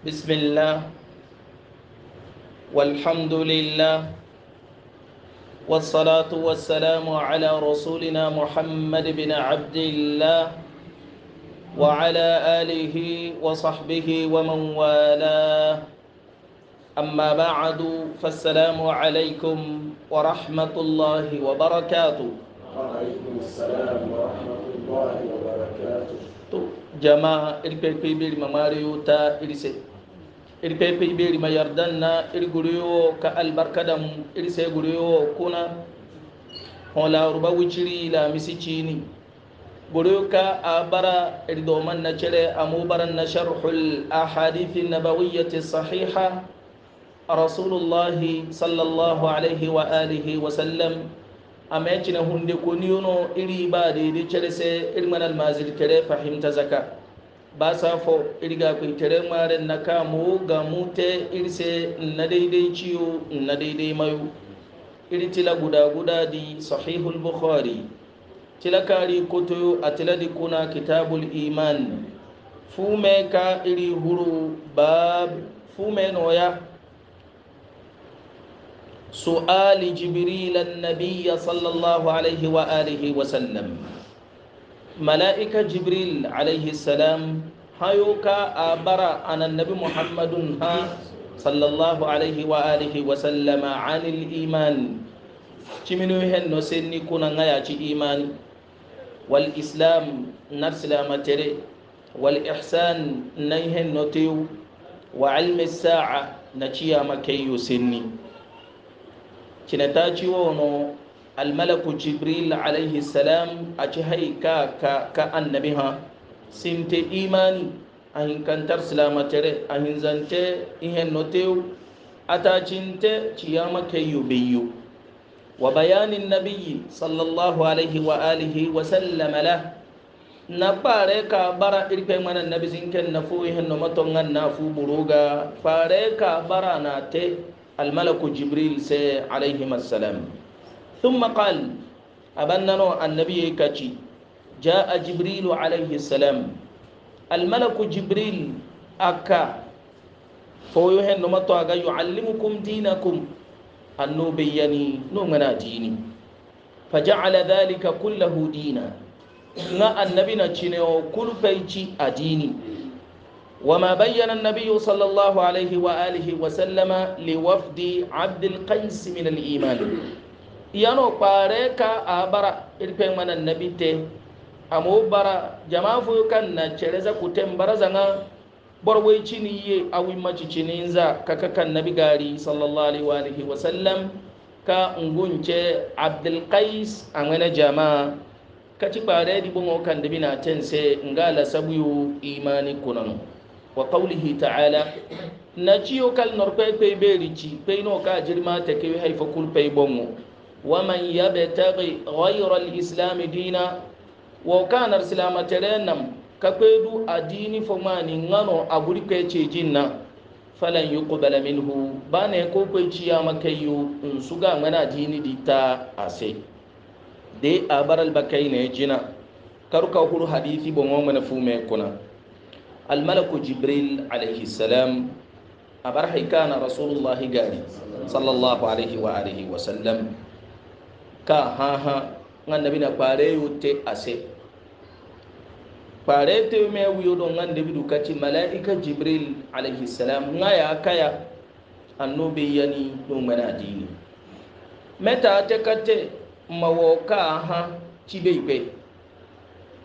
بسم الله والحمد لله والصلاة والسلام على رسولنا محمد بن عبد الله وعلى آله وصحبه ومن والاه أما بعد فالسلام عليكم ورحمة الله وبركاته وعليكم السلام ورحمة الله وبركاته جماعة الكبير بالمماريو تا إلسي iri pepe ibe ma yardan na iri guriyo ka albarka da iri sai guriyo kuna wala ruba wuciri la misichini cini guriyo ka a bara iri doman na cire a mubaran na sharhul ahadithi nabawiyyati sahiha rasulullahi sallallahu alaihi wa alihi wa sallam a mai hunde kuniyono iri ba daidai cire sai iri manal mazil kere fahimta zaka basafo fo irga kwintere mare na kamu ga mute irse na daidai ciwo na daidai mayu iritila guda guda di sahihul bukhari tila kari koto a tiladi kuna kitabul iman fume ka iri huru bab fume noya su'ali jibril annabiya sallallahu alaihi wa alihi wa sallam malaika jibril alayhi salam hayo ka a bara anannabi muhammadun ha sallallahu alayhi wa alihi wa sallama anil iman cimino hen no senni kuna ngayaci imani wal islam nar silama tere wal ihsan nan hen no tew wa ilmi sa'a na ciyama kayyo senni cinata ciwono almalaku jibril alayhi salam aci hay ka ka ka annabi ha sinte imani ahin kantar silamatere ahin zante ihen notew atacinte ciyama keyo beyo wa bayani nabiyi sallallahu alayhi wa alihi wa sallama lah na fare ka bara irpe mana nabi zinken na fu ihen no matongan na fu buruga fare ka bara na te almalaku jibril se alayhi assalam ثم قال أبننا النبي كتي جاء جبريل عليه السلام الملك جبريل أكا فويهن نمطوا يعلمكم دينكم النوبيني نمنا ديني فجعل ذلك كله دينا نا النبي نتشيني وكل بيتي أديني وما بين النبي صلى الله عليه وآله وسلم لوفد عبد القيس من الإيمان yano kpaare ka a bara ir pengmana nabi te amo bara jama fu kan na chereza kutem bara zanga borwe chini ye awi machi chini nza kaka kan nabi gari sallallahu alaihi wa alihi wa sallam ka ngunche abdul qais amene jama ka ci kpaare di bongo kan debi na tense ngala sabuyu imani kunanu wa qawlihi ta'ala na chiyo kal norpe pe berichi pe no ka jirma te ke hay fakul pe bongo ومن يبتغي غير الإسلام دينا وكان الإسلام ترينم كبيرو أديني فماني نانو أبوري كيتي جينا فلن يقبل منه باني كوكو تياما كيو انسوغا منا ديني ديتا أسي دي أبر البكين جينا كاروكا وكورو حديثي بوغو من فومي كنا الملك جبريل عليه السلام أبرحي كان رسول الله قال صلى الله عليه وآله وسلم ka hahan nga nabi na kpare yo te ase kpare te me wiyo don nga nabi du kati malaika jibril alayhi salam nga ya kaya annobi yani don mana dini meta te kate mawo ka ha cibe ipe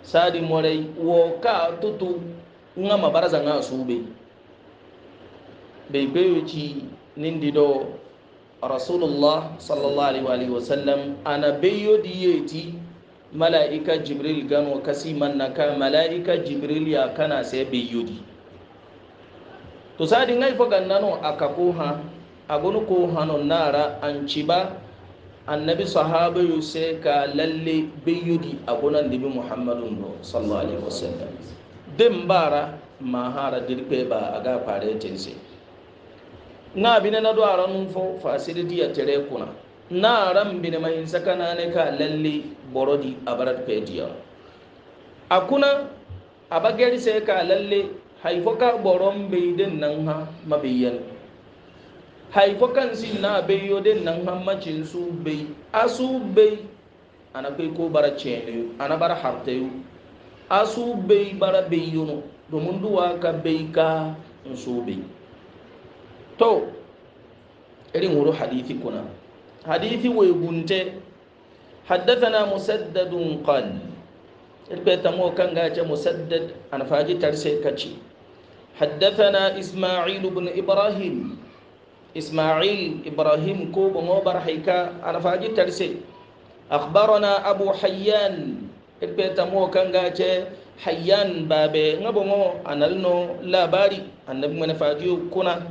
sadi morai wo ka tutu nga mabaraza nga sube be ipe yo ci nindi do rasulullah sallallahu alaihi wasallam ana bayo diyeti mala'ika jibril gano kasi mannaka mala'ika jibril ya kana sai bayo di to sadin haifa gannano aka koha a gani kohanon nara an ci ba annabi sahaba yu sai ka lalle bayo di a gunan dibi muhammadun sallallahu alaihi wasallam din bara mahara dirbe ba a fare tinsi na abin na duwaran nufo facility a tere kuna na ran bin mai saka na ne ka lalle borodi a barat pediya a kuna a bagar sai ka lalle haifoka boron bai din nan ha mabiyan haifokan si na bai yo din nan ha macin su bai asu bai ana kai ko bara cene ana bara harta yu asu bai bara bai yono domin duwa ka bai ka nso bai to irin wuri hadithi kuna hadithi wai gunte haddathana musaddadun qal irbe tamo kan gace musaddad an faji tarse kace haddathana isma'il ibn ibrahim isma'il ibrahim ko bango barhaika an faji tarse akhbarana abu hayyan irbe tamo kan gace hayyan babe ngabo ngo analno labari annabi mana faji kuna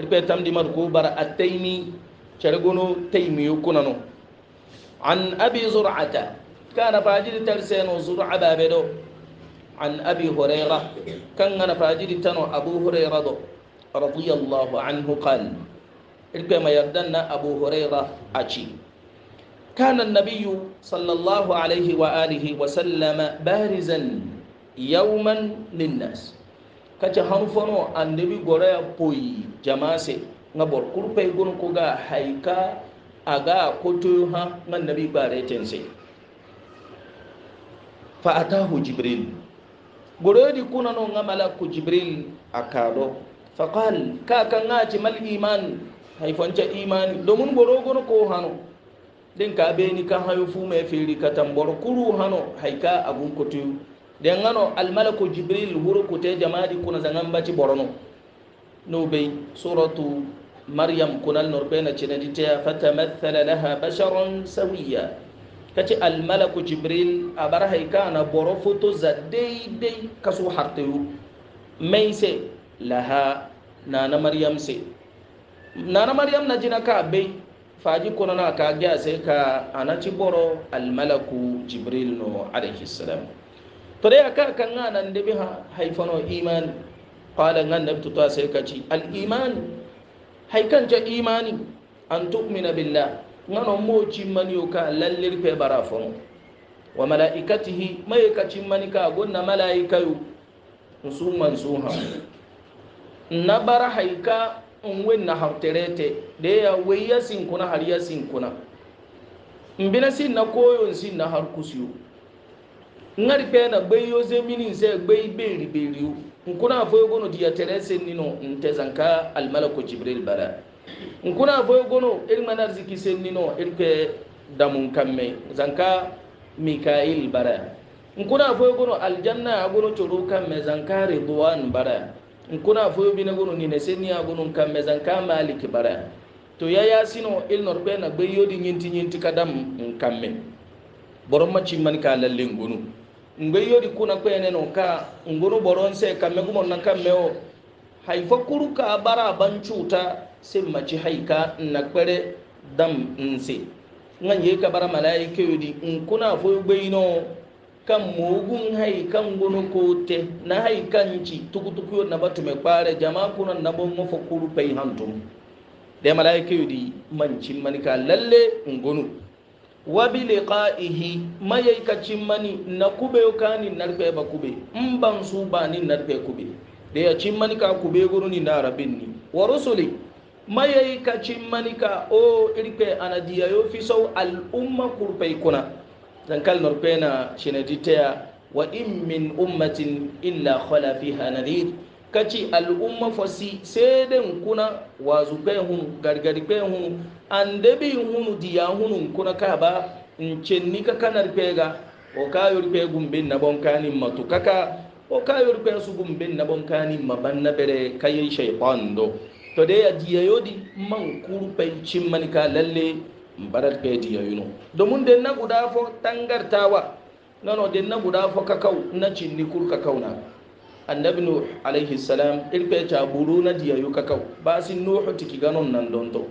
البيت دي مركو بر التيمي شرقونو تيمي يكوننو عن أبي زرعة كان فاجر ترسينو زرعة بابدو عن أبي هريرة كان أنا فاجر تنو أبو هريرة دو رضي الله عنه قال البيت ما يردنا أبو هريرة اجي كان النبي صلى الله عليه وآله وسلم بارزا يوما للناس kace hanfono annabi goraya poyi jamase nga bor kurpe gun ko ga haika aga koto ha nga nabi bare tense fa atahu jibril gorodi kuna no nga malaku jibril akado fa qal ka kan ngaci mal iman haifanca imani domin boro gun ko hano din ka be ni ka hayo fu me feri ka tambor kuru hano haika abun koto den gano almalaku jibril wuro ku te jamaadi kuna zangan baci borono no be suratu maryam kunal norbena cina dite fatamathala laha basharan sawiya kace almalaku jibril abar haikana boro foto za daidai kaso hartayu mai se laha nana maryam se nana maryam na jina ka bai faji kuna na ka gya sai ka anaci boro almalaku jibril no alaihi salam to dai aka kan nan nan da biha haifano iman qala nan da to sai kaci al iman haikan ja imani an tu'mina billah ngano moci mani ka lallir pe barafon wa malaikatihi mai kacin mani ka gonna malaikayu su mansuha na bara haika in wenna harterete da ya wai ya sinkuna har ya sinkuna in bi na koyon sin na har kusiyo ngari pe na gbe yo ze mini se gbe beri beri o nkuna fo gono dia terese nino ntezanka al malaku jibril bara nkuna fo gono irin manar ziki se nino irke damun kamme zanka mikail bara nkuna fo gono aljanna gono choro kamme zanka ridwan bara nkuna fo bi na gono ni ne se ni gono kamme zanka malik bara to ya yasino ilnor pe na gbe yo di nyinti nyinti kadam kamme borom ma ci man ka lallen gonu ngbe yodi kuna kwene no ka ngono boronse kamme gumo na kamme o haifo kuruka bara bancuta sai maci haika na kwere dam nse ngan ye ka bara malaika yodi in kuna fo gbeino kan mogun haikan gono kote na haikan ci tukutuku yodi na batume kware jama kuna na bon mafo kuru pai hantum da malaika yodi mancin manika lalle ngono wabi liqa'ihi mayai kacin mani na kube ka ni narfe ba kube in ban su ba ni narfe kube da ya cin mani ka kube guru ni na rabin ni wa rusuli mayai kacin mani ka o irpe anadiya yo fi sau al'umma kurfai kuna zankal narfe na shinaditaya wa in min ummatin illa khala fiha nadhir kaci al'umma fasi sai dai kuna wazu kai hun gargadi kai hun an dabi hunu diya hunun kuna ka ba in cenni ka kanar pega o ka yurpe gumbin na bonkani matu kaka o ka yurpe su gumbin na bonkani maban na bere kayin shaytan do to dai ya diya yodi man kurpen cin man ka lalle barar pe diya yuno domin den na guda fo tangartawa nono den na guda fo kakau na cinni kur kakau na annabi nuh alayhi salam irpe ca buruna diya yu kakau basi nuhu tiki ganon nan donto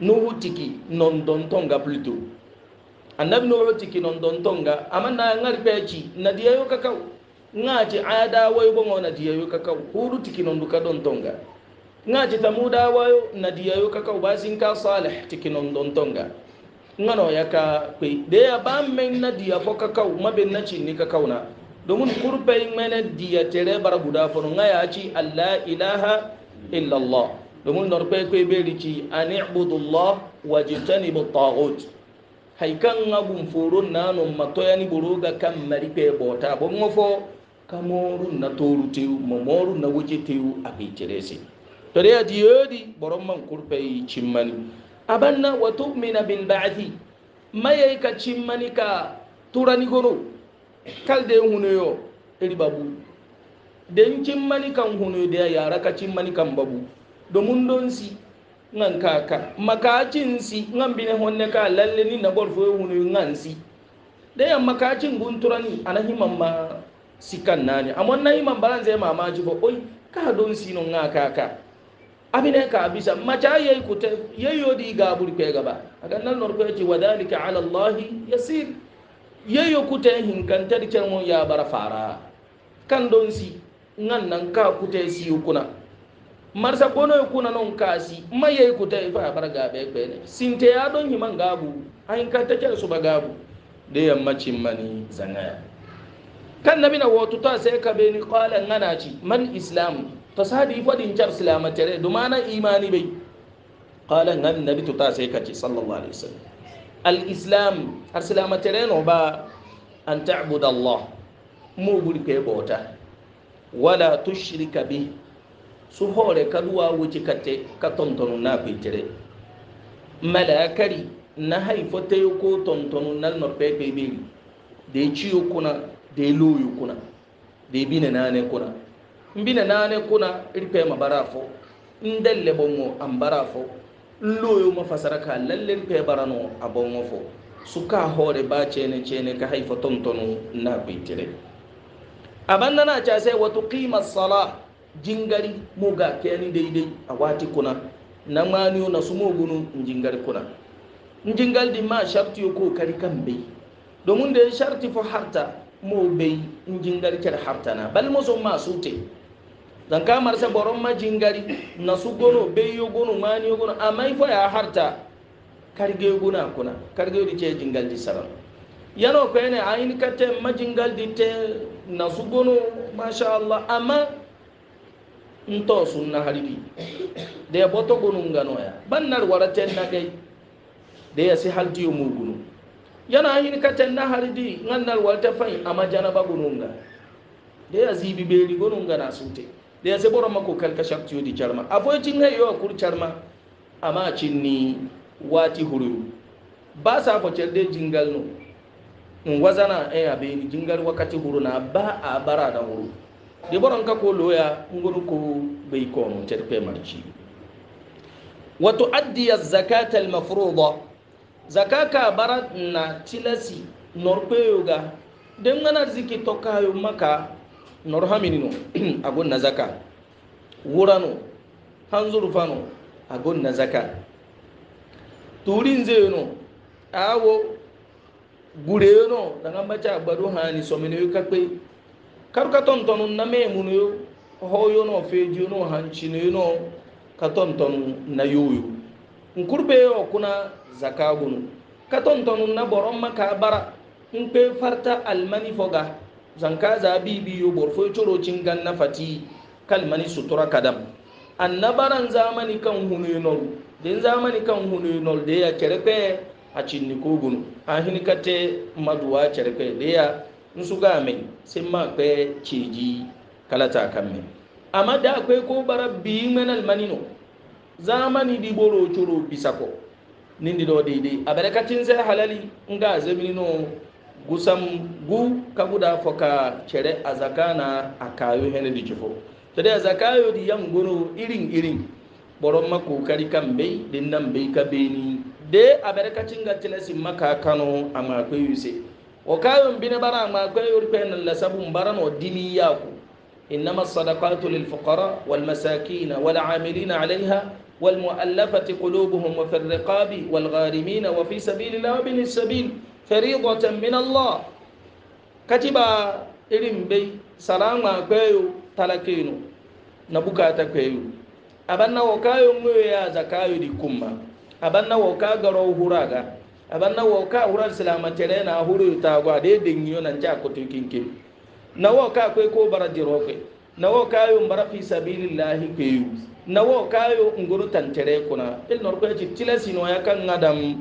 nuhu tiki non donto nga pluto annabi nuhu tiki non donto nga amanna ngarpe ci na diya yu kakau ngaci ada wayo bongo na diya yu kakau hudu tiki non duka donto nga ngaci tamuda wayo na diya yu kakau basi nka salih tiki non donto nga ngano yaka pe de ya ba men na diya fo kakau mabe na ci ni kakau na domin kurbai mana diyatare bar guda furu nga ya ci Allah ilaha illallah domin norpe kwe beri ci an ibudullah wa jitanibu taghut haikan nga bun furu na no matoya ni buruga kan maripe bota bon ngofo kamoru na toru tewu momoru na wuce tewu a kai tiresi to da yaji yodi boron man kurbai cimmani abanna wa tu'mina bil ba'thi mayai ka cimmani ka turani gono kal de hunoyo eri babu den cimmani kan hunoyo de yara ka cimmani kan babu domin don si ngan kaka makacin si ngan bine honne ka lalle ni na golfo hunoyo ngan si de yan makacin gunturani anahiman ma sikan nani amon na iman balan zai mamaji fo oi ka don si non nga kaka abine ka bisa maca yayi kuta yayyo di gabur pe gaba aga nan norko yace wadhalika ala allah yasir yeyo kute hinkantari cermon ya bara fara kan don si nan nan ka kute si kuna marsa kono yo kuna non ka si maye kute fa bara gabe gbene sinte ya don himan gabu a ka ta cer su ba gabu da yammacin mani zangaya kan nabi na wato ta sai ka ni qala ngana ci man islam tasadi fadin cer silamatare dumana imani bai qala ngan nabi to ta sai ka ci sallallahu alaihi wasallam al-islam arsilama tereno ba an ta'budu allah mo buri ke bota wala tushrika bi su hore kaduwa wuce kate ka tontonu na fitere malakari na haifo ta yi ko tontonu na norfe ka iberi da ya ciyo kuna da ya loyo kuna da ya bina nane kuna bina nane kuna rufe ma barafo ndalle bongo an barafo loyo mafasara ka lallin fe barano abon wafo suka hore ba cene cene ka haifa tontonu na bitire abanda na ca sai wato qima sala jingari muga keni daidai a wati kuna na maniyo na su mogunu jingari kuna jingal di ma sharti ko kari kan bai domin da sharti fo harta mo bai jingari kar harta na bal musu ma sute zanka marse boron majingari na su gono beyo gono mani gono amma ifo ya harta karge guna kuna karge di ce jingal di saran yano ko ne ayin kate majingal di te na su gono masha Allah amma nto sunna haribi da ya boto gono ngano ya bannar waraten na kai da ya si halti mu gono yana ayin kate na haridi ngannar warta fai amma janaba gono nga da ya zibi beri gono nga na da ya saboro mako kalka shakti di charma afoy cin hay yo kur charma ama cinni wati huru ba sa ko celde jingal no mun wazana e abe ni jingal wakati huru na ba a bara da huru de boron ka ko loya nguru ko bai ko mun ter pe marci wa tuaddi zakata al-mafruḍa zakaka barat na tilasi norpeyoga dem ngana ziki tokayo maka nor haminino agon na zaka wurano hanzurfano agon na zaka turin zeno awo gureno daga maca gbado hani somino yo kakpe karuka tontonu na memuno yo hoyo no feji yo no hancino yo no ka tontonu na yoyo nkurbe yo kuna zaka gunu ka tontonu na boron maka bara nkpe farta almani foga zanka za bibi yo borfo coro cingan na fati kalmani sutura kadam annabaran zamani kan hununol din zamani kan hununol da ya kerpe a cinni kogunu a hinkate maduwa kerpe da ya nsu ga mai sai ma kwe keji kalata kan mai amma da akwai ko bara biyin almani no zamani di boro coro bisako nindi do daidai a barakatin sai halali nga zamini no gusam gu kaguda foka cere azakana zakana hene di jifo tade a di yam gono irin irin boron ma kari kan bai din nan bai ka beni de abereka barkacin ga tilasin maka kano a makoyi se o kayon bine bara a makoyi rufe la sabu mbara no dini yaku إنما الصدقات للفقراء والمساكين والعاملين عليها والمؤلفة قلوبهم وفي الرقاب والغارمين وفي سبيل الله وابن السبيل fariidatan min Allah katiba irin bai salama kwayo talakeno na bukata kwayo aban na wakayo ngwe ya zakayo di kuma aban na waka garo huraga aban na waka hurar silamatere na huru ta gwa de dinyo nan ja ko tukinke na waka kwai ko barajiro kwai na wakayo mbara fi sabilillahi kwayo na wakayo nguru tantere kuna ilnor kwaci tilasi no ya kan adam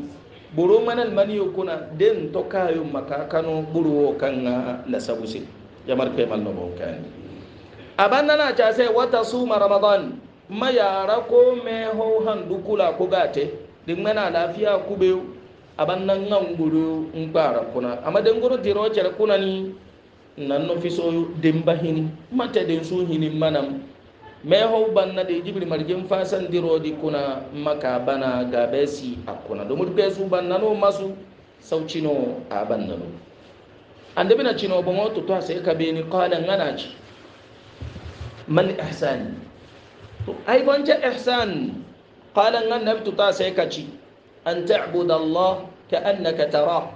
boro manal maniyo kuna den to kayo makakano buru kan lasabuse yamar kai mal no bokani abanna na ta se wata suma ramadan mayara ko me ho han dukula ko gate din mana lafiya kube abanna ngan buru in bara kuna amma den guru diro cer kuna ni nan no fiso den bahini mata den su hinin manam mai hau banna da jibir margin fasan diro di kuna maka bana ga besi a kuna domin kai su banna no masu sauci no a banna no an da bina cino ba moto to sai ka beni qalan ana ci man ihsan to ai bonje ihsan qalan nan nabtu ta sai ka ci an ta'budu allah ka annaka tara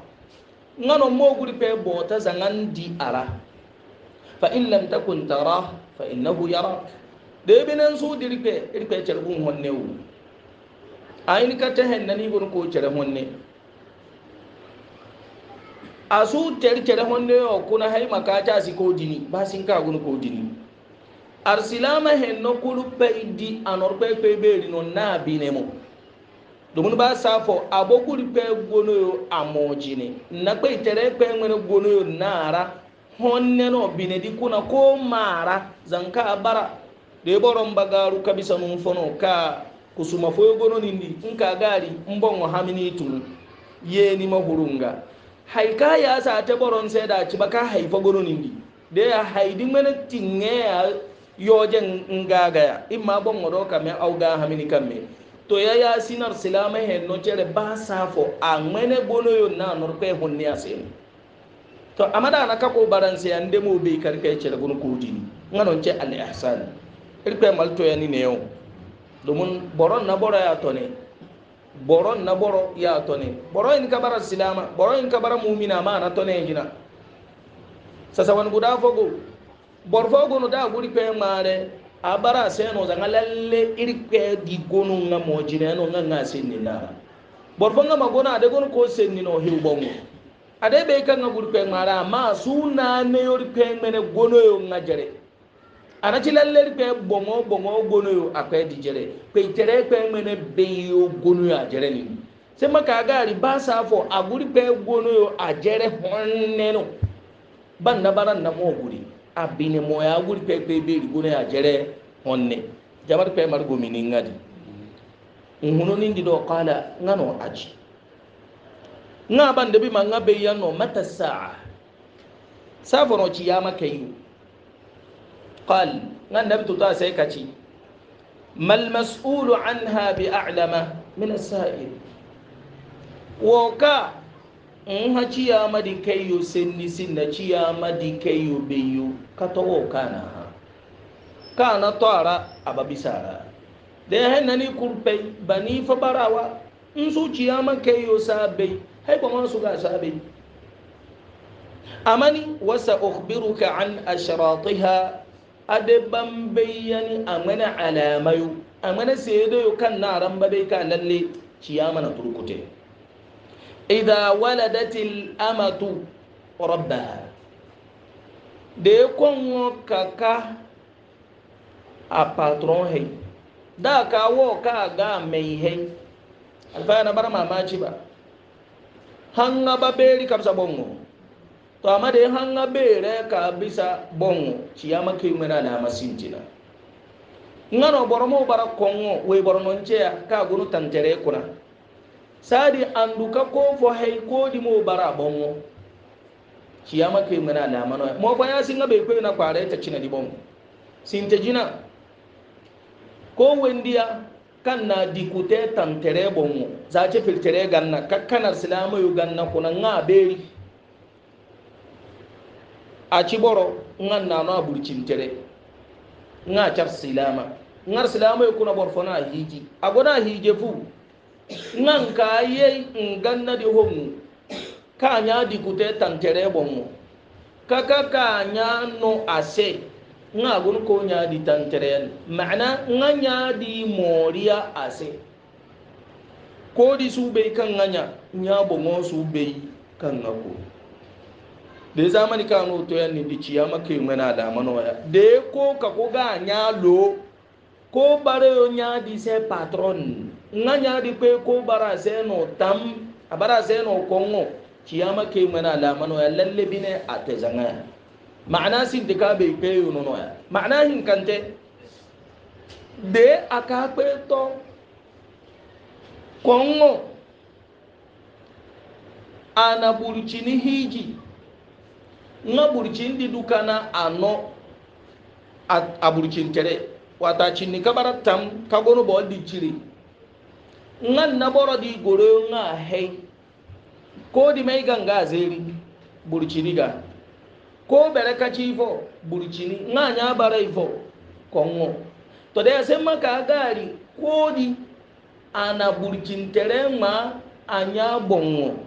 ngano mo guri pe bota zangan di ara fa in lam takun tara fa innahu yarak deɓinen suuɗi rpe rpe cer bum honne wu ayni katta hen nani gon ko cere honne a suu ter cere honne o kuna hay makata si ko dini ba sinka gon ko dini ar silama hen no kulu paydi anor pe pe beri no nabine mo dumun ba sa fo abo kulu pe gono yo amo jini na pe tere pe ngene gono yo nara honne no bine di kuna ko mara zanka bara de boron bagaru kabisa nun fono ka kusuma foyo gono nindi nka gari mbongo hamini tun yeni mahurunga haika ya sa ta boron sai da ci baka haifa gono nindi de ya haidi mana tinge ya yojen ngagaya imma bongo do kame au ga hamini kame to ya ya sinar silama he no chere ba safo a mene gono yo na norpe honni asen to amada na kako baranse ande mo be karkai chere gono kudini ngano ce al ihsan irkwe malto ya ni ne domin boron na boro ya to ne boron na boro ya to ne boron in kabara silama boron in kabara mumina ma na to ne jina sasa wani guda fogo borfo gono da guri kwe mare a bara sai no zanga lalle irkwe di gono nga mo jina no nga nga sin ni na borfo nga magona de gono ko sin ni no hiu bongo ade be kan nga guri kwe mare ma su na ne yori kwe mene gono yo anachilaleri kpe gbɔŋɔ gbɔŋɔ gono yo akpɛ di jɛrɛ kpe tɛrɛ kpe ŋmɛnɛ bɛyi yo gono yo a jɛrɛ nin sɛmɛ k'a gaari baasa fɔ a guri kpe gono yo a jɛrɛ hɔnnɛnɔ ba nabara namɔ guri a binemɔya a guri kpe kpe bɛyi gono yo a hɔnnɛ jabari kpe mari gomi ni ŋa di nhunoni di dɔ kala ŋa nɔ aji ŋa ban debi ma ŋa bɛyi yan nɔ mata saa saa fɔnɔ ciyama kɛ yi o. قال نان نبي تتا سيكاتي ما المسؤول عنها بأعلم من السائل وكا in ha ciya madi kayo sen nisin na ciya madi kayo beyo ka tawo kana ha kana tara ababisara da ya hanna ni kurpe bani fa barawa in su ciya man kayo sabe hai ba ma su ga sabe amani wasa ukhbiruka an ashratiha adeban bayyani a mana alamayu a mana sai dai kan na ramba ba dai ka lalle ciyama na turkute idza waladatil amatu rabbaha de kon kaka a patron hay da ka ka ga mai hay alfa na bar mamaci ba hanga ba beri kamsa bongo to amma dai hanga bere ka bisa bon ciyama ke mera na masintina ngano boromo bara kongo we boromo ncea ka gunu tantere kuna sadi anduka ko fo hay ko di mo bara bongo ciyama ke mera na mano mo ko ya singa be ko na kware ta cina di bongo sinte jina ko wendiya kan na dikute tantere bongo za ce filtere ganna kakkanar silama yu ganna kuna nga beri Achiboro ci nga na na burcin tere nga char silama ngar silama kuna bor fona hiji agona hije fu nan ka ye ngan na di homu ka nya di kute tantere bomu kaka ka nya no ase nga gun ko nya di tantere ma'ana nga nya di moria ase ko di su be kan nga nya nya bomo su be kan nga ko da zamani kano to yan ni ciya maka yi mana da mana waya da ya ko ka ko ga nya lo ko bare yo nya di se patron nga nya di pe ko bara se no tam abara se no kongo ciya maka yi mana da mana waya lalle bine a te zanga ma'ana sin de ka be pe yo no ya ma'ana hin kante de aka pe to kongo anaburuchini hiji nga burci ndi na anọ a burcin tere wata cinni kabarar tam ka gonu ba wadda cire nga na boro di goro nga hei ko di mai ganga zeri burcini ga ko bere kaci ifo burcini nga nya bara ifo kongo to se ma ka gari ko di ana burcin tere ma anya bongo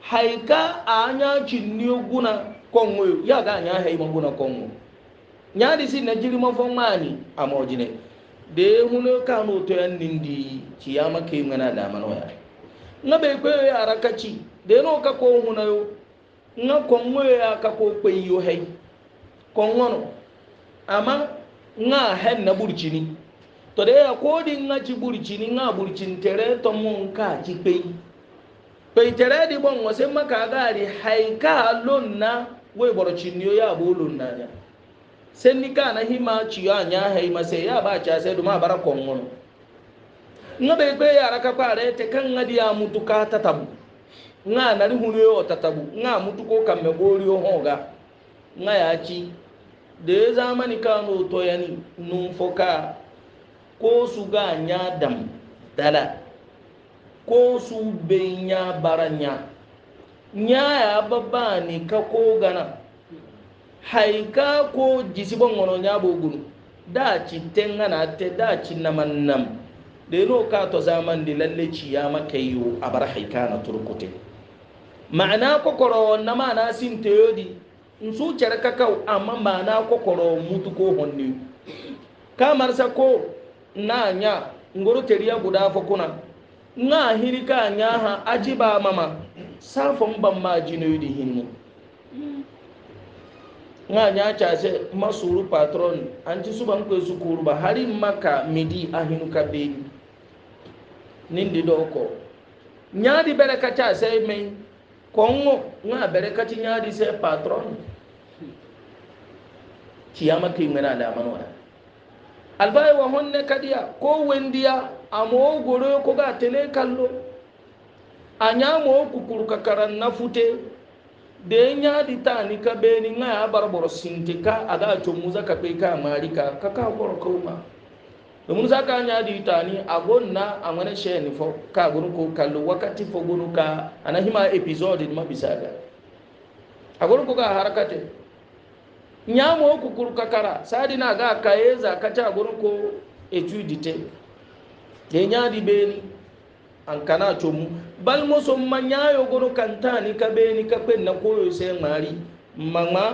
haika anya cinni oguna kongo ya ga nya ha ibo na kongo nya di si na jiri mo fon mani amojine de huno ka no to yan nindi ciyama ke ngana da man waya na be kwe ya rakaci de no ka ko huno yo na kongo ya ka ko kwe yo hai kongo no amma nga hen na burcini to de ya di nga ci burcini nga burcin tere to mon ka ci pei pei tere di bon wose maka gari haika lonna goyi borci niyo ya bolon na ya sen ni kana hima ciyo anya haima sai ya ba cha sai duma bara kongono nga be be ya raka kware te kan ngadi ya mutuka tatabu nga na ri hunu yo tatabu nga mutuko kamme gori yo hoga nga ya ci de zamani kano to yani nun foka ko ga nya dam dala ko su be nya ñaya babbani ka ko gana hay ka ko jisibo ŋono ñabo gunu da citte ŋana te da cinnamannam deno ka tozamandi lalle ciyama keyo abara hay kana turkute mana kokoro namana sinteyodi nsu cereka kaw amma mana kokoro mutu ko honni ka marsa ko na ña ngoro teriya guda fo kuna ŋa hirika ñaha ajiba mama sal fo bamma jinoyidi hinni nga nya cha se masuru patron anti suban ko zukuru ba hari maka midi ahinu kabe nindi do ko nyaadi bereka cha se me ko ngo nga bereka ti nyaadi se patron ti ama ki mena da manu wa albay wa honne kadiya ko wendiya amo goro ko ga tele kallo a ñamo kukuru kakara karan na fute da ya ñaadi tani ka beni ŋa ya barboro sinti ka aga commuza ka kpe ka mari ka ka ka koro kawma domin sa ka ñaadi tani a gonna a ŋane sheni fo ka gonu ko kallu wakkati fo gonu ka ana hima épisode ma bisaga a gonu ko ka harakate ñamo kukuru ka kara sadina aga kayeza kaca gonu ko étude dị de ñaadi beni an kana commu balmoso ma ñaayo gono kantani ka ɓeeni ka kpenna koyo se ŋmaari mama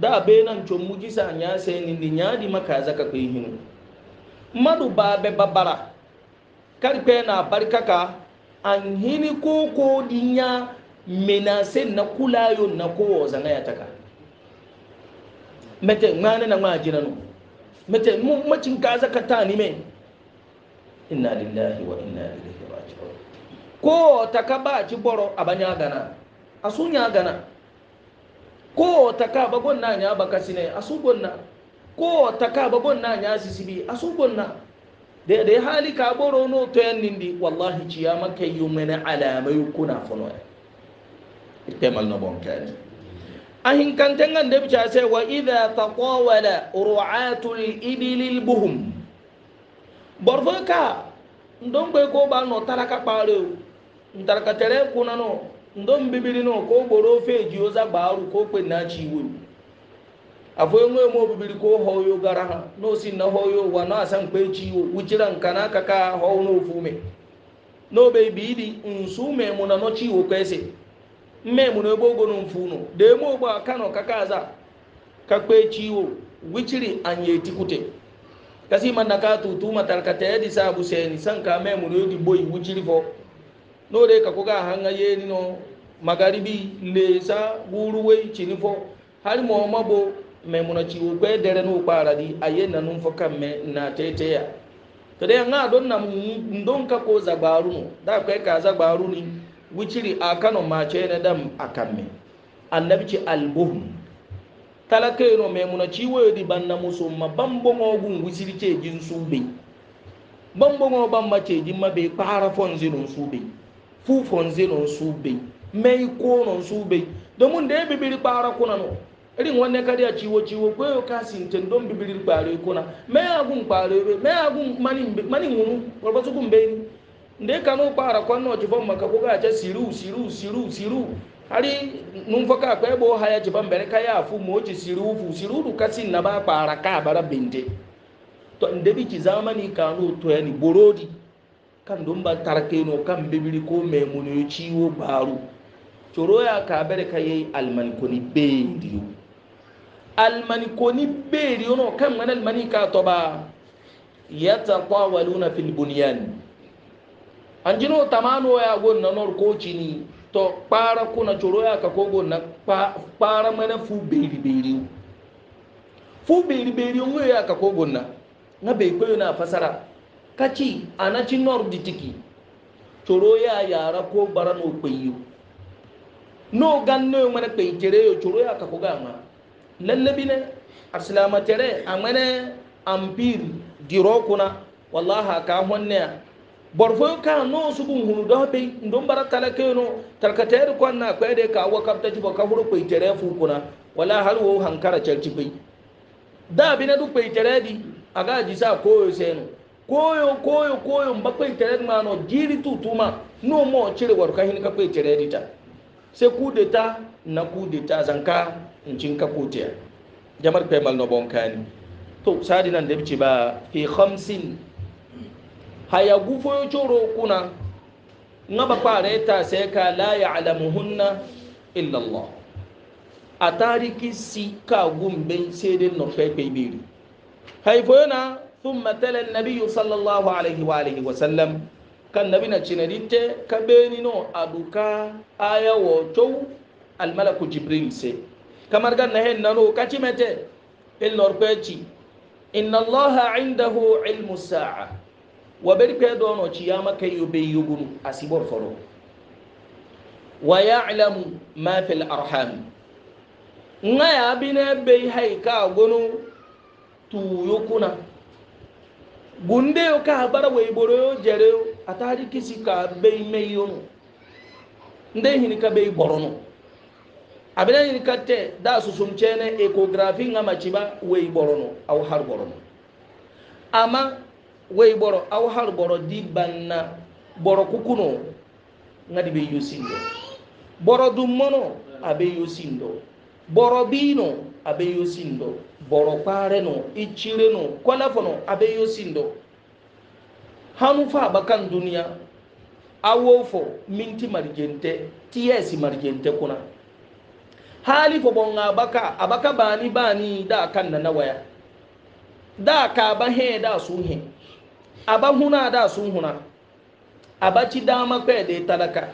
da ɓeenan commuji sa ñaa senindi ñaadima kaza ka kpey hinu ba be babara karpe na barka ka an hini ko ko ɗiña menase na kulayo na kowo zaŋayata ka mete ŋmaane na ŋmaa jinanu mete macin kaza ka taani me inna lillahi wa inna ilayhi ko ta ka ba ci boro abanya gana asunya gana ko ta ka ba gonna nya ba kasine asu gonna ko ta ka ba gonna nya sisibi asu gonna da da hali ka boro no to yan nindi wallahi ciyama kai yumena alamai kuna fono itemal no bon kani ahin kanten an da bica sai wa idha taqawala ru'atul ibil buhum borfoka ndon gbe ko ba no talaka pare ntarakatere kwụ na nọ ndo mbibiri nọ ka o ofe eji oza gbaa arụ ka o kpe na chi afọ enwe m obibiri ka o gara ha na osi na hoyo ụwa na asa mkpe chi iwe wuchira nka na aka ka họọ ume n'obe ibi idi nsu ume mụ na nọchi iwe kwesị mme mụ na ebe ogo na mfu nọ dee m ogbe aka na ọkaka aza ka kpe chi wuchiri anyị etikute kasi man na ka tutu ya sa nka seni san ka mme mụ na fọ nore ka kuga hanga yeni no magaribi lesa guruwe chinifo hali mo mabo me muna ci ugwe dere no kwara di aye na nun fokan me na teteya to dai nga don na ndon ka ko zabaru no da kai ka zabaru ni wuciri akano ma ce na dam akamme annabi ci albuhum talaka no me muna ci di banna muso ma bambo ngogun wuciri ce jin sube bambo ngo bamma ce jin mabe para fonzinun sube fufon zinon su bai mai konon su nsu domin da nde bibiri bara kuna no irin wanne kariya ciwo ciwo ko yau ka sintin don bibiri bare kuna mai agun bare bai mai agun mani manin wunu warba su kun bai ni da ya kano bara kwanno wace ban maka ko ga ce siru siru siru siru hari nun faka akwai bo haya ci ban bere kaya afu mo ci siru fu siru du kasin na ba bara ka bara binde to inda biki zamani kano to yani borodi kan dum ban tarakeno kan bibili ko mai muniyo ciwo baro coro ya ka bere ka yayi almankoni beriyo almankoni beriyo no kan wani almani ka to ba yatatawaluna fil bunyan anjino tamano ya gonna nor ko chini to para kuna coro ya ka ko gonna para mana fu beri beriyo fu beri beriyo ya ka ko gonna na bai koyo na fasara kaci anaci nordi tiki coro ya yara ko bara no kweyo no ganno yo mana kwe tere yo coro ya ka koga ma lallabi ne aslama tere amane ampir diro kuna wallahi ka honne borfo ka no su bun hunu do be ndon bara talake no talkater ko na kwe de ka wa kapta ci bo ka huru kwe tere fu kuna wala har wo hankara cerci kwe da bi na du kwe tere di aga jisa ko yo seno koyo koyo koyo bakwai tare ma no jiri tutuma no mo cire war kahin ka kwai tare dita sai ku de ta na ku de ta zanka in cin ka kotiya jamar kai mal no bon kani to sadi nan da bici ba fi khamsin haya gufo yo choro kuna ngaba kware ta sai ka la ya'lamuhunna illa Allah a tariki si ka gumbe sai dai norfe kai biri haifoyo na thumma tala an-nabiy sallallahu alaihi wa alihi wa sallam kan nabi na cinadinte ka beni no aduka aya wo chow al malaku jibril se kamar gan nahen nano kaci mete il norpeci inna allaha indahu ilmu sa'a wa beri pe dono ciyama kai yobe yugunu asibor foro wa ya'lamu ma fil arham ngaya bine bei haika gonu tuyukuna gunde yo ka bara wey boro jere yo atari kisi ka be me yo no nde hiri ka be boro no abina hiri ka te da su sum chene ecography nga machiba wey boro no aw har boro no ama wee boro aw har boro di banna boro nga ngadi be yusindo boro mono abe yusindo boro bino abe yo sindo boro kpare no ichire no kwalafo no abe yo sindo hanu fa bakan duniya awofo minti marjente tiyesi marjente kuna hali fo bon abaka abaka bani bani daa kan na waya daa ka ba he da su he aba huna da su huna abaci dama kwe da talaka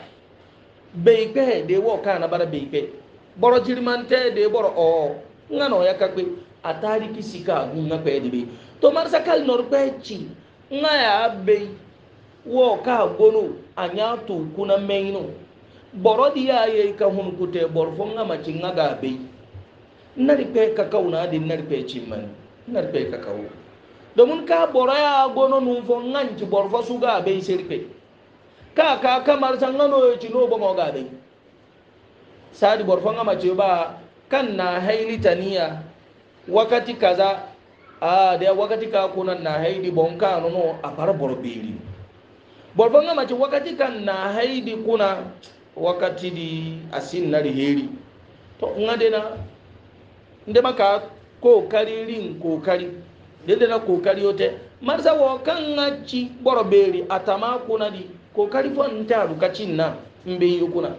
bai kwe da wo kana bara bai kwe boro jirman te da boro ngano ya kakwe atari kisika gunga kwe dibe to marsa kal norpechi ngaya abe wo ka gono anya to kuna meino boro di ya ye ka hun kute boro fo ngama cinga ga be nari pe ka kauna di nari pe cimman nari pe ka kauna domin ka boro ya gono nun fo nganci boro fo su ga be sirpe ka ka kamar san ngano yo cino bo mo ga be sadi boro fo ngama ci ba kan na haili taniya wakati kaza a da wakati ka kuna na haidi bonka nono a bar borbeli borban ga mace wakati kan na haidi kuna wakati di asin na riheri to nga de na nde maka kokari rin kokari dede na kokari yote marsa wo kan nga ci borbeli atama kuna di kokari fo nta rukaci na mbe yukuna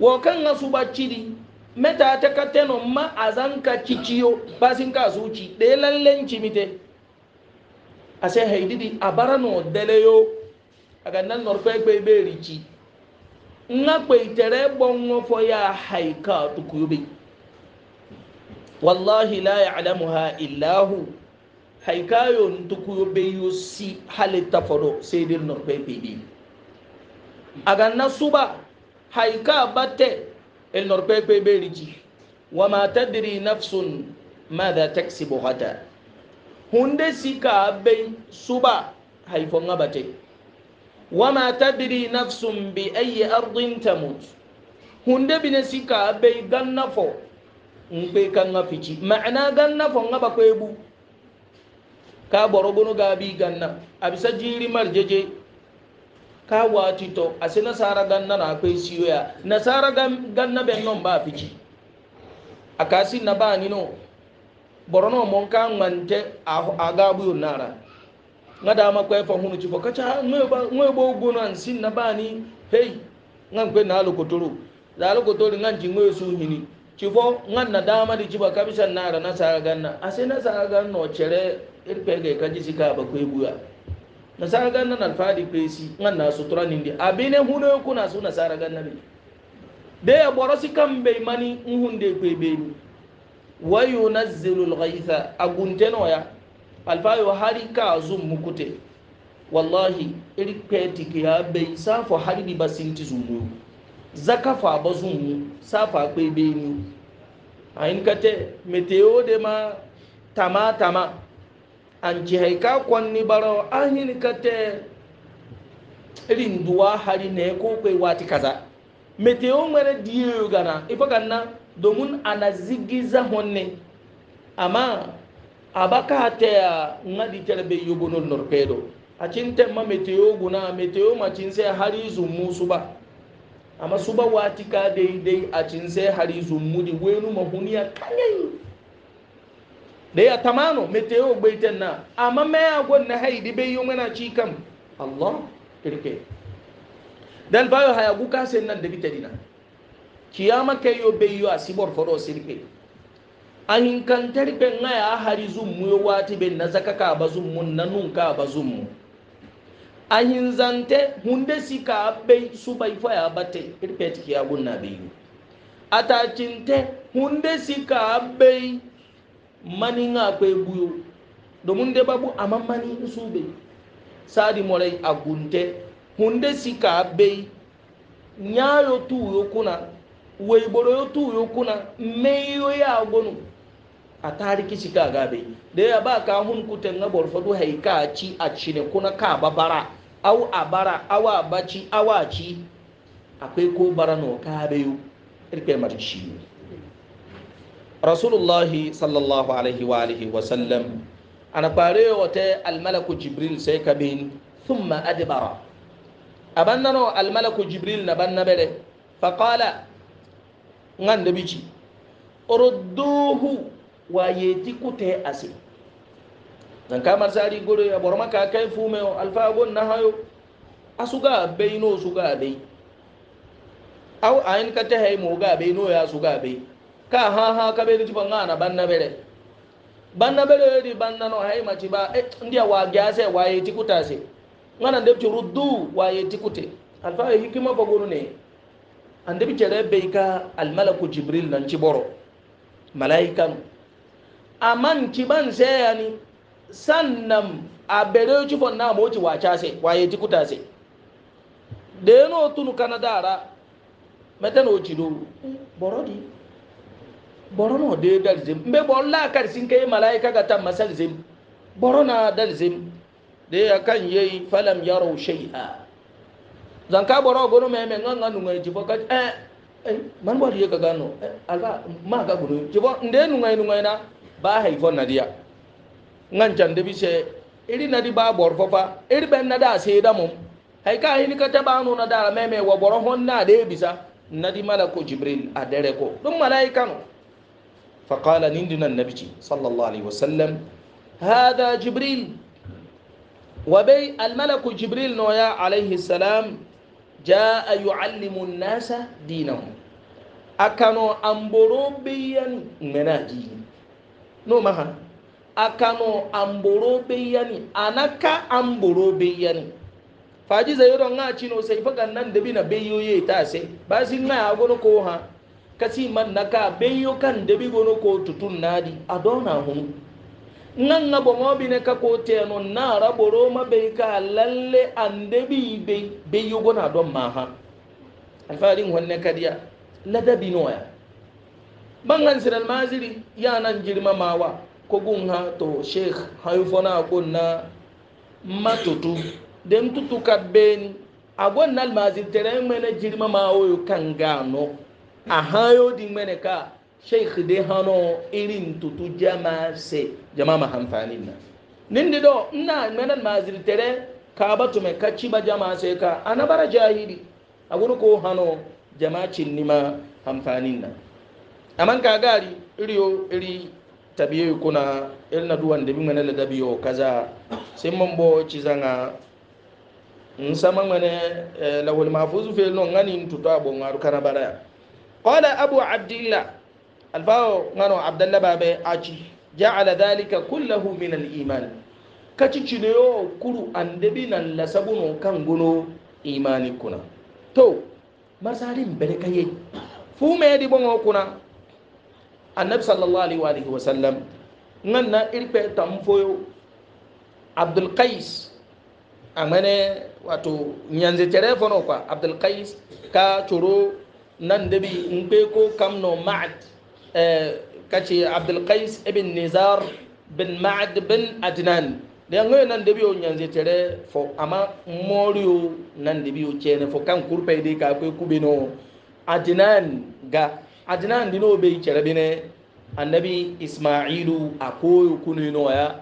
wo kan nga suba cidi meta ta kateno ma a zanka ciciyo ba sin ka zuci da ya lallen cimite a sai haididi a bara no deleyo a ga nan norfe gbe ibe rici nna kwa itere gbonwofo ya haika tukube wallahi la ya alamuha illahu haika yo tukube yo si halitta fodo sai dir norfe gbe ibe a ga nan suba haika bate elinor kpekpe beriji wama tadiri nafsun mada taxi bohata hunde sika be suba haifo ngabate wama tadiri nafsun bi ayi ardin tamut hunde bine sika be gannafo nkpe kan nga fici ma'ana gannafo ngaba kwebu ka boro gonu gabi ganna abisa jiri marjeje ka wati to asi nasara ganna na akwai siyo ya nasara ganna ben non ba fiki akasi na ba ni no borono mon ka ngante agabu yun nara nga ma ma kwefa hunu ci fokacha ngwe bo gona sin na ba ni hey ngan kwe na lokotoro da lokotoro ngan ji ngwe su hini ci fo ngan na dama di ci kabisan nara nasara ganna asi nasara ganna cere irpe ga kaji sika ba kwe buya nasara ganna na alfadi pesi ngan na sutura nindi abine huno kuna su nasara ganna be de ya borosi kan be mani hunde pe be ni wa yunazzilu alghaytha agunteno ya alfayo hari ka zum mukute wallahi iri peti ki ya be safo hari di basinti zumu zakafa ba safa pe be ni ayin kate meteo de ma tama tama an ci haika kwanni barawa an hin ka hari ne ko kai wati kaza meteo mara diyo gana ifa ganna domin ana zigiza honne ama abaka te ngadi terbe yubunul norpedo acin temma meteo guna meteo macin sai hari zumu suba amma suba wati ka daidai acin sai hari zumu di wenu mahuniya kanyan da ya tamano meteo gbaitan na amma mai agon na haidi bai yi mana ci kam allah kirke dan bayo haya guka sai nan da bita dina kiyama kai yo bai yo asibor foro sirpe anin kan tarbe ngaya hari zum mu wati ben na zakaka ba zum mun na nun ka ba zum mu ahin zante hunde sika bai su bai faya bate irpet kiyagun na bai atacinte hunde sika bai mani nga akwai buyo domin da babu amma mani su bai sadi morai a gunte hunde sika bai nyayo tuyo kuna waiboro yo tu tuyo kuna meyo ya gonu a tariki sika ga bai da ya ba ka hun kuten na borfado haika ci a cine kuna ka babara au a bara awa baci awa ci akwai ko bara no ka bayo irpe marci ne rasulullahi sallallahu alaihi wa alihi wa sallam anapare wote almalaku jibril sai kabin thumma adbara abannano almalaku jibril na banna bere faqala ngan da bici urduhu wa yeti kute ase dan kamar sari goro ya borma ka kai fume alfa gon na hayo asuga beino suga bei au ayin ka hay mo ga beino ya suga bei ka ha ha ka ɓeɗi tipo gana banna bele banna ɓere weɗi bannano hay maci ba e eh, ndiya wa gase wa yeti kutase gana ndebci ruddu wa yeti kute alfawe hikkima foguru ne andebi cere bey ka almalaku jibril nanci ɓoro malaika nu aman ciɓan seyani sannan a bere cifon na moci wacase wa yeti kutase deno tunu kana dara meten o ciɗo borono de dalzim mbe bolla kar sin kai malaika ga ta masalzim borona dalzim de akan yayi falam yaro shay'a zanka boro gono me me nganga nunga e jibo ka eh, eh man bo riye ka gano eh, alba ma ga gono jibo nde nunga e nunga e na ba hay fon nadia ngan chan de bise iri nadi ba bor fofa iri ben na da se da mum hay ka hini ka tabanu nadi da me me wo boro hon na de bisa nadi malako jibril adere ko dum malaika no فقال نندنا النبي صلى الله عليه وسلم هذا جبريل وبي الملك جبريل نويا عليه السلام جاء يعلم الناس دينهم أكانوا أمبروبيا من دين نو مها أكانوا أمبروبيا أناكا أمبروبيا فاجي زيرو نغا تشينو سيفا كان نان دبينا بيو يتاسي باسي نغا أغنو كوها kasi man naka beyo kan debi gono ko tutun nadi adona hun nan na bongo bi ne ka ko teno na raboro ma be ka lalle an debi be beyo gona don ma ha alfarin wanne kadiya ladabi noya bangan siral maziri ya nan girma mawa ko gun ha to sheikh hayfona gun na matutu dem tutu kabben agon nal mazir tere mene girma mawo kan gano ahayo mene ka sheikh de hano irin tutu jama se jama ma hamfani na nindi do na menan mazir tere ka batu me kaci ba jama se ka anabara jahidi agunu ko hano jama cinni ma hamfani na aman ka gari iriyo iri tabiye kuna irna duwan de bimene le dabiyo kaza sai mun bo cizanga nsa mangmene eh, lawul mafuzu fe no ngani tutu abon aru kana baraya qala abu abdillah alfawo ngano abdallah babe aci ja'ala dhalika kullahu min al-iman kaci cineyo kuru andebi nan lasabuno kan gono imani kuna to masarin bere kaye fu me di bongo kuna annabi sallallahu alaihi wa alihi wa sallam nganna irpe tamfoyo abdul qais amane wato nyanze terefono kwa abdul qais ka choro nan da bi in pe ko kam no ma'ad eh, kace abdul qais ibn nizar bin ma'ad bin adnan da yango nan da biyo nyanze tere fo ama moriyo nan da biyo cene fo kan kurpe de ka ko kubino adnan ga adnan dino be cere bine annabi isma'ilu akoyo kunino ya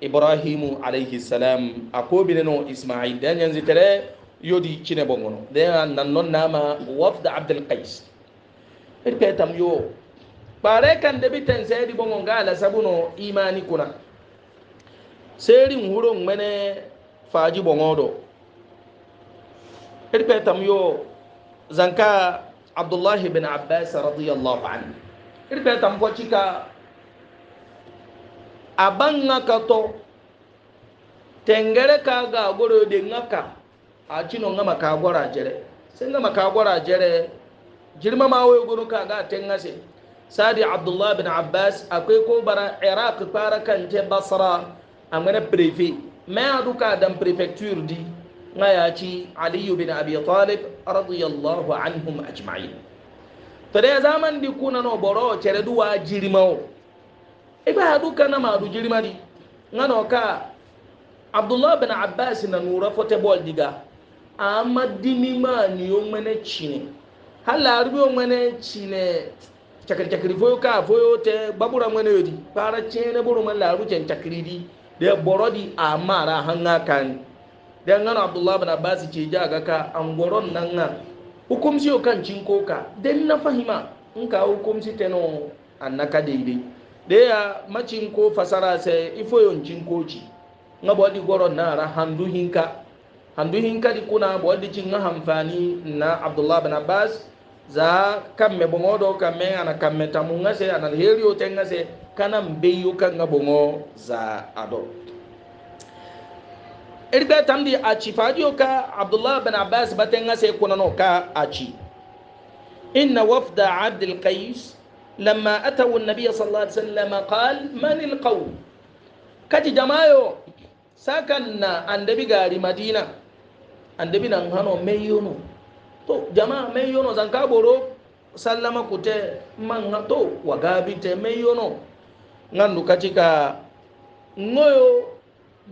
ibrahimu alayhi salam akobine no isma'il da nyanze tere yodi cine bongono dea nan noon nama wafda abdelkais edi petam yo ɓare kan debi ten seedi bongo nga sabuno imani kuna Seri nhuro ŋmene faji bongo do. edi petam yo zanka abdullahi bin abbas radiallahu anhu. edi petam fo cika a ban to tengere ka ga goro de ŋa a cino nga maka gwara jere sai nga maka gwara jere jirma ma wai gonu ka ga ten ngase sadi abdullah bin abbas akwai ko bara iraq fara kan te basra a ngana prefet aduka dan prefecture di nga ya ci aliyu bin abi talib radiyallahu anhum ajma'in to da zaman di kuna no boro cere duwa jirma o iba aduka na ma du jirma di nga no ka abdullah bin abbas na nura football diga amadimima ni omene chine hala arbi omene chine chakri chakri voyo ka voyo te babura mwene yodi para chene buru mwene la ruchen chakri di de boro borodi amara hanga kan de ngana abdullah bin abbas ce ja ga ka angoron nan nga hukumsi o kan cin ka de na fahima nka in ka hukumsi teno annaka daidai de ya macin ko fasara sai ifo yon cin koci nga bodi goron na ra handu hinka handu hinkadi kuna bo waddi cinga hanfani na abdullah bin abbas za kamme bongo do kamme ana kamme tamu ngase ana helio tenga se kana mbeyo kanga bongo za ado irbe tamdi aci fadio ka abdullah bin abbas batenga se kuna no ka aci inna wafda abd al-qais lamma atawu an-nabiy sallallahu alaihi wasallam qal man al-qawm kati jamaayo sakanna andabi gari madina annabi nan hano meyono, to Jama meyono yono zan boro sallama kute man to wa gabi te mai yono ngan ngoyo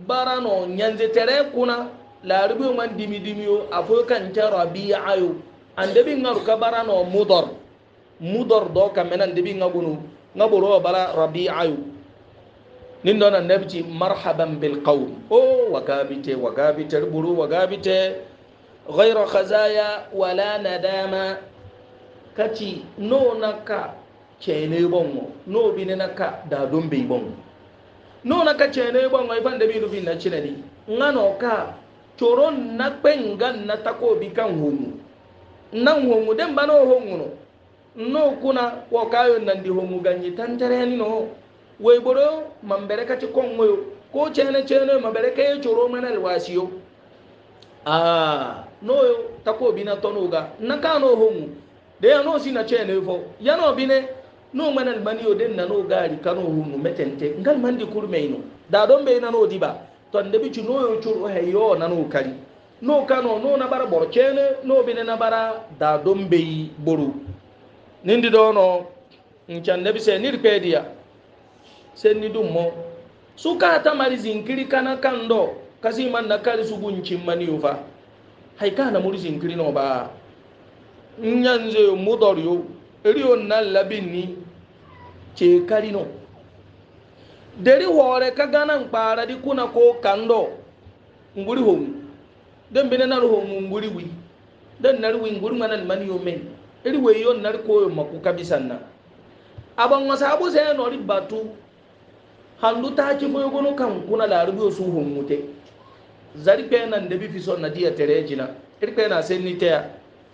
barano nyanze tere kuna laribi man dimi dimi yo afo kan ta rabi'a yo annabi ngaru ka barano mudor mudor do ka menan debi ngaboro bara rabi'a yo nin dona nabti marhaban bil qawm o wakabite wakabite buru wakabite ghayra khazaya wala nadama kati no naka kene bongo no bine naka da dumbe bongo no naka kene bongo ifan da bidu bin na cinani ngano ka coron na kpengan na tako bi kan homu nan den bano homu no kuna wakayon nan di homu ganyi tantareni no waiboro mambere kati kongoyo ko chene chene mambere ke choro mana lwasiyo ah noyo tako bina tonoga na nakano homu de ano sina chene fo yano bine no mana mani oden na no gari kano homu metente ngal mandi kurmeino da don be na no diba to ndebi chu noyo choro heyo na no kari, no kano no na bara bor chene no bine na bara da don be boru nindi dono ncan nabi se nirpediya sai ni dum mo su ta mari zinkiri kana kando kasi man na kari sugu guncin mani yufa hai ka na muri zinkiri no ba nyanze mudor yo riyo na labin ni ce no deri wore ka ganan kpara di kuna ko kando nguri homu den bene na homu nguri wi den na wi nguri manan mani yo men iri we yo nar ko yo maku kabisan na abon wasa abu sai no ri batu handu ta ci foyo gono kan kuna larubi su humute zarbe nan da bi fi son na diya tare jina irpe na sai ni taya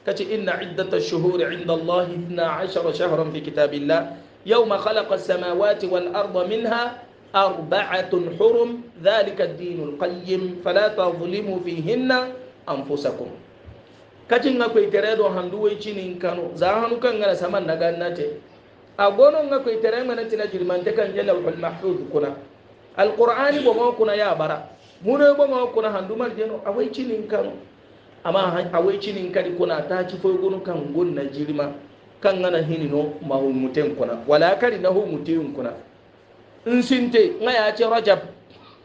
kace inna iddata shuhuri inda Allah 12 shahran fi kitabillah yawma khalaqa as-samawati wal arda minha arba'atun hurum dhalika ad-dinul qayyim fala tadhlimu fihinna anfusakum kacin akwai tare do handu wai cinin kano za hannu kan gana saman na gannate a gonon ga kai tare mana tina jirman ta kan jalla wal mahfuz kuna alqur'ani bo ma kuna ya bara mure bo ma kuna handumar jeno awai cinin kan amma awai cinin kan kuna ta ci foi gonon kan gonna jirma kan ngana hinino mahumuten kuna wala kari na humuten kuna in sinte nga ya ce rajab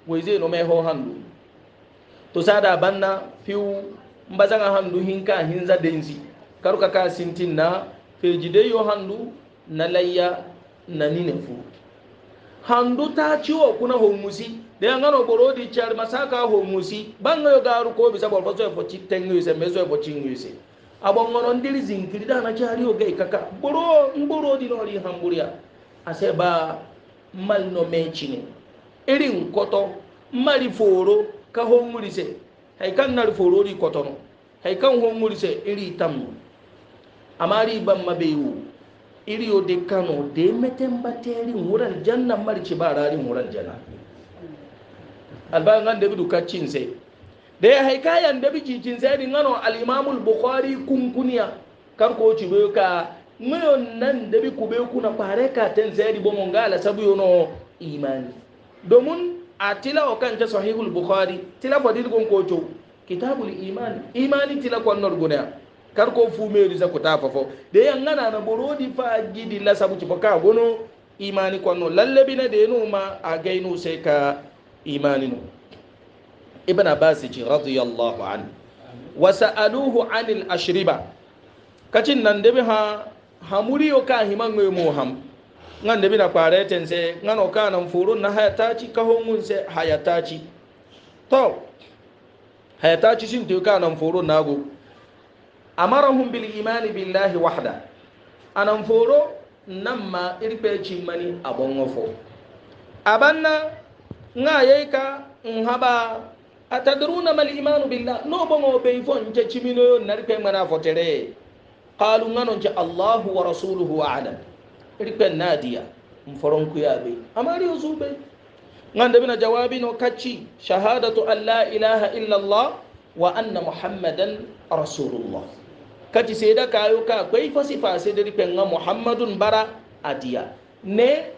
wai zai no mai ho handu to sada banna fiu mbazanga handu hinka hinza denzi karuka ka sintin na fejide yo handu na layya na ninefu handu ta ciwo kuna homusi da yan gano boro di char masaka homusi banga yo garu ko bisa bol faso e fo chitten yo se mezo e fo chingu se abon ngono ndiri zinkiri da na chari yo gai kaka boro mboro di no ri hamburia ase ba mal no mechine irin koto mari foro ka homuri se hay kan nar foro di koto no hay kan homuri se iri tammu amari ban mabeyu iri o de kano de meten bateri wuran janna marci ba rari wuran janna albayan nan da bidu kacin sai da ya haikayan da biji jin sai din ngano al-imam bukhari kunkuniya kan ko ci be ka mayon nan da bi kube kuna fare ka tan sai di bomon sabu no imani domin a o kan ta sahihul bukhari tila fadil gon ko to kitabul iman imani tila kon nor gunya kar ko fu me risa ko tafa fo de yanga na na borodi fa gidi la sabu ci baka gono imani ko no lalle bi na de no ma a gainu sai ka imani no ibn abbas ji radiyallahu an wa sa'aluhu anil ashriba kacin nan de bi ha hamuri o ka himan ngoy mo ham ngan de bi na kware ten se ngan o ka nan furun na hayata ci ka hongun se hayata ci to hayata ci sin to ka nan furun nago amarahum bil imani billahi wahda anan foro namma irpe cimmani abon wofo abanna nga yeka nhaba atadruna mal imanu billah no bongo be fo nje cimino yo narpe mana fotere qalu ngano nje allah wa rasuluhu a'lam irpe nadia mforon ku yabe amari uzube ngande bina jawabi no kachi shahadatu an ilaha illa allah wa anna muhammadan rasulullah kati seda kayo ka kwai fasi fase diri penga muhammadun bara adiya ne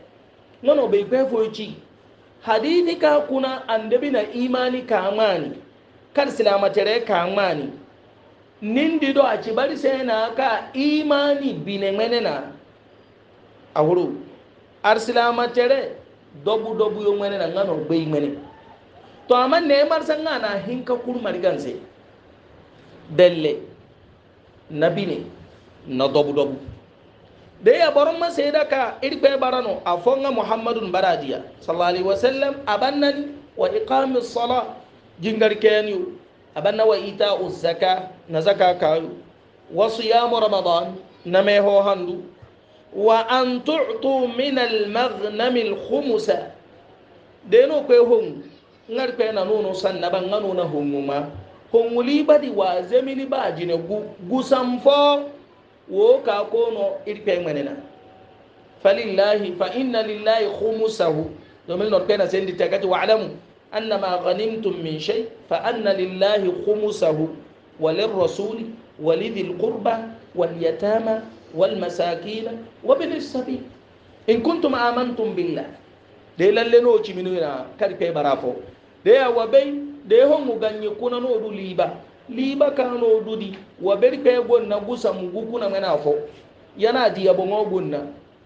nono bai kwai foci hadini ka kuna andabi na imani ka amani kar silamatere ka amani nindi do a ci bari sai na ka imani bine mene na a wuro ar silamatere dobu dobu yo mene na ngano bai mene to amma ne mar san na hinka kurmar ganse dalle na bini na dobu-dobu da ya bar masa da ka irkwe barano a fonga muhammadun baradiya sallallahu alaihi wasallam abannan wa iqamis sala jingar kenyu abanna wa ita'u zaka na zaka kayu wa siyamu ramadan na mai ho handu wa an tu'tu min al-maghnam al-khumsa deno kwe hon ngar kwe na nono san na ban ngano na honguma honguli badi wa zemili ba jine gusan fo wo ka kono irpe manena falillahi fa inna lillahi khumusahu domin no pena sendi takati wa alamu annama ghanimtum min shay fa anna lillahi khumusahu wa lirrasuli wa lidhil qurba wal yatama wal masakin wa bil sabil in kuntum amantum billah de lalle no chiminu na karpe barafo de ya de ho mu ganye kuna no du liba liba ka no du di wa ber be gon na gusa mu gu kuna ngana fo yana di abo ngo gon na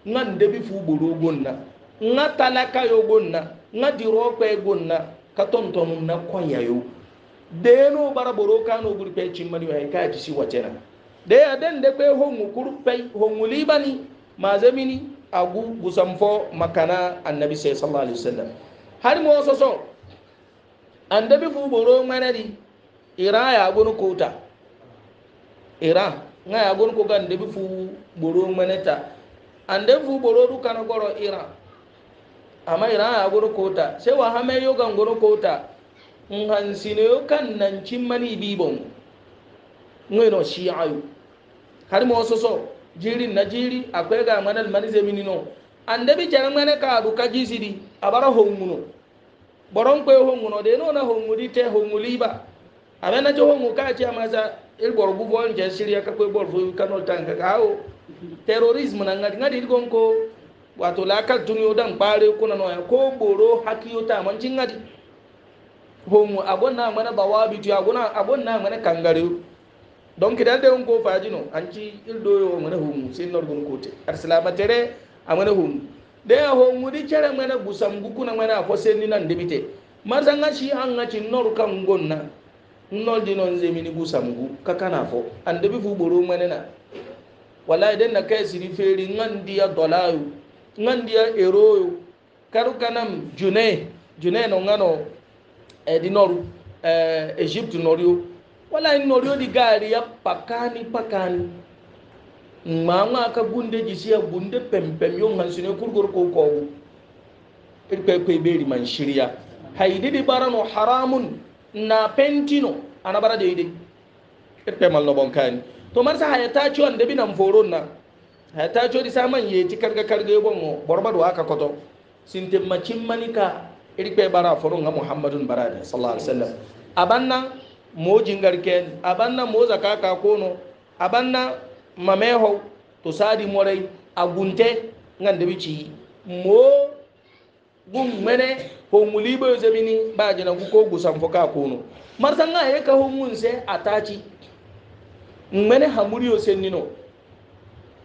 ngan de bi fu bu ro gon na nga talaka yo gon na nga di ro pe gon na ka ton ton na ko ya yo de no bara boro ka no gu pe chi mani wa ka ji si wa tena de ya den de be ho mu kuru pe ho mu liba ni ma zamini agu gusam fo makana annabi sallallahu alaihi wasallam har mo so so Anda dabi fu boro mana di ira ya gun kota ira nga ya gun ko kan dabi fu boro mana ta Anda dabi fu boro du kan goro ira amma ira ya gun kota sai wa hame yo kan gun kota in han sine yo kan nan cin mani bibon ngai no shi ayu har mo so so jirin na jiri akwai ga manal manze minino an dabi jaran mana ka du ka di, abara honguno boron kwe honguno de no na hongu di te hongu liba abena jo hongu ka ci amaza il borbu bon je siriya ka kwe borbu kanol tanga gawo terrorism na ngadi ngadi gonko wato lakal duniyo dan bare kuna no ko boro hakiyo ta man jin ngadi hongu abon na mana bawabi tu agona abon na mana kangaru donc dal de hongo fajino anci il doyo mana hongu sin nor gonko te arsalama tere amana hongu de ho ngudi chere mena gusam gukuna mena fo senni nan debite marzanga shi an ngati nor kan gonna nol di non zemini gusam gu kakana fo an debi fu boro mena na wallahi den na kai siri feri ngandiya dolayo ngandiya eroyo karu kanam june june no ngano e di nor eh, egypt norio wallahi norio di gari ya pakani pakani mama ka gunde jisiya gunde pempem yon hansine kurgor ko kowu irkwe kwe beri man shirya haididi barano haramun na pentino ana bara ide. irkwe mal no bonkani to marsa hayata ciwo da binan foron na hayata ciwo di saman ye ti karga karga yobon mo borbado aka koto sinte macin manika irkwe bara foron ga muhammadun barade sallallahu alaihi wasallam abanna mo jingarken abanna mo zakaka kono abanna mameho to sadi morai agunte ngan da bici mo gun mene honguli ba yo zemini ba jina ku ko gusan fuka kono marsanga ye ka hongun se atachi mene hamuri yo sennino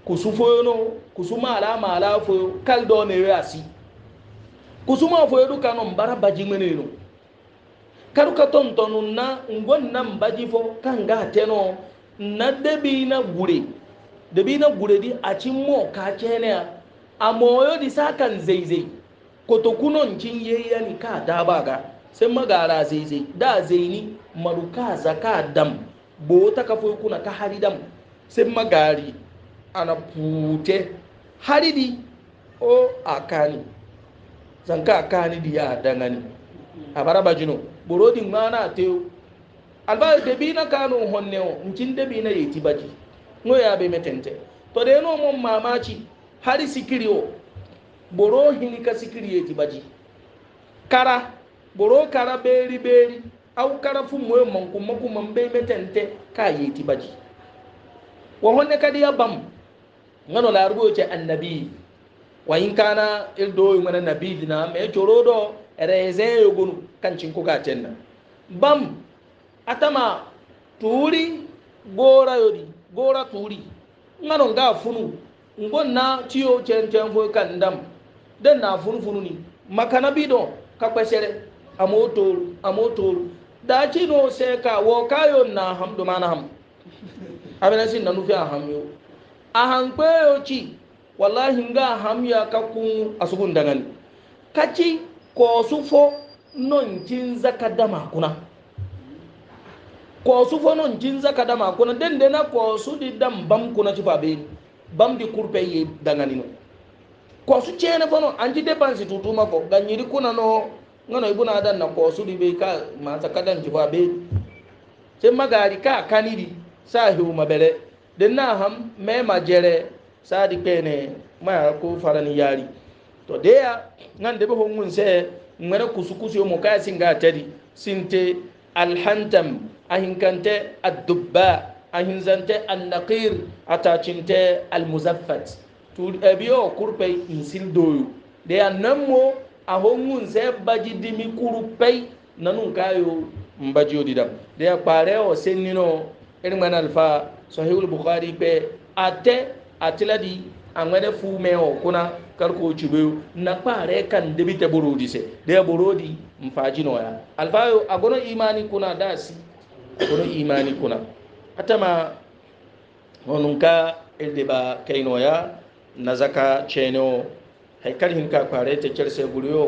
kusufoyo no kusuma ala mala foyo kal do ne yo asi kusuma foyo du kanu mbara baji mene no karuka tontonu na ngon na mbaji fo kanga teno na debi na gure da bi na guredi a cin mo ka kene a moyo di sakan zaizai kotokunon cin yayya ni ka da baga sai magara zaizai da zaini maruka zaka dam bota ka foi kuna ka hari dam sai magari ana pute hari di o akani zanka akani di ya dangani abara bajino burodi ngana teo alba de bi na kanu honne o ncin de bi na yeti baji no ya be metente to de no mon mamaci hari sikiriyo boro hini ka sikiriye ti baji kara boro kara beri beri au kara fu moyo manku maku mambe metente ka yi ti baji wa honne kadi ya bam ngano la rubo ce annabi wa kana ildo yu mana nabi dina me choro do reze yugunu kan cinko ka tenna bam atama turi gora yodi gora turi ngano da funu ngon na tiyo chen chen fo kan dam den na funu funu ni makana bido ka kwesere amotoru amotoru da ci no se ka wo kayo na hamdu manaham, ham abena sin na nufi aham yo ahan kwe yo ci wallahi nga ham ya ka kun asugun dangani kaci ko su non cin zaka kuna ko su fonon jin zaka dama kuna den de na ko di dam bam kuna ci fabe bam di kurpe ye dangani no ko cene fono anji depansi tutuma ko ganyiri kuna no ngano ibuna dan na ko su di be ka ma zaka dan ci fabe sai magari ka kanidi sa hiwu mabere den na ham me majere sa di pene ma ko farani yari to deya nan de be hongun se ngare kusukusu mo ka singa tadi sinte alhantam ahinkante adubba ahinzante annaqir atacinte almuzaffat ebiyo kurpey insil doyu de annammo ahongun se baji dimi kurpey nanun kayo mbajiyo didam de kparewo sennino irman alfa sahihul bukhari pe ate atiladi angwede fumewo kuna karko cibeyo na kpare kan debite borodi se de borodi mfajinoya Alfa agono imani kuna dasi kono imani kuna atama honum ka elde ba kaynoya na zaka cene o hay kala hin ka kwarete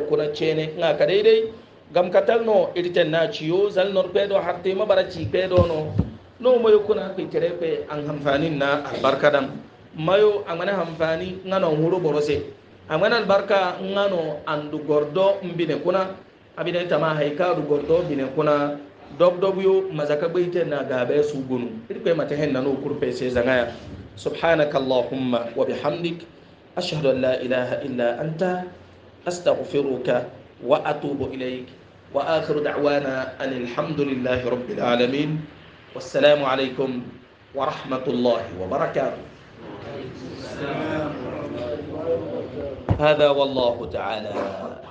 kuna cene nga ka daidai gam katal no irten na ciyo zal nor pedo harte ma bara ci pedo no no moyo kuna ke cerepe an hamfanin na albarkadan mayo amana hamfani ngano huro borose amana albarka ngano andu gordo mbine kuna abine tama hay gordo bine kuna dob dob yo mazaka baita na gabe su gunu irkai mata hen na no kurfe sai zangaya subhanaka allahumma wa bihamdik ashhadu an la ilaha illa anta astaghfiruka wa atubu ilaik wa akhiru da'wana anil hamdulillahi rabbil alamin wassalamu alaikum wa rahmatullahi wa barakatuh هذا والله تعالى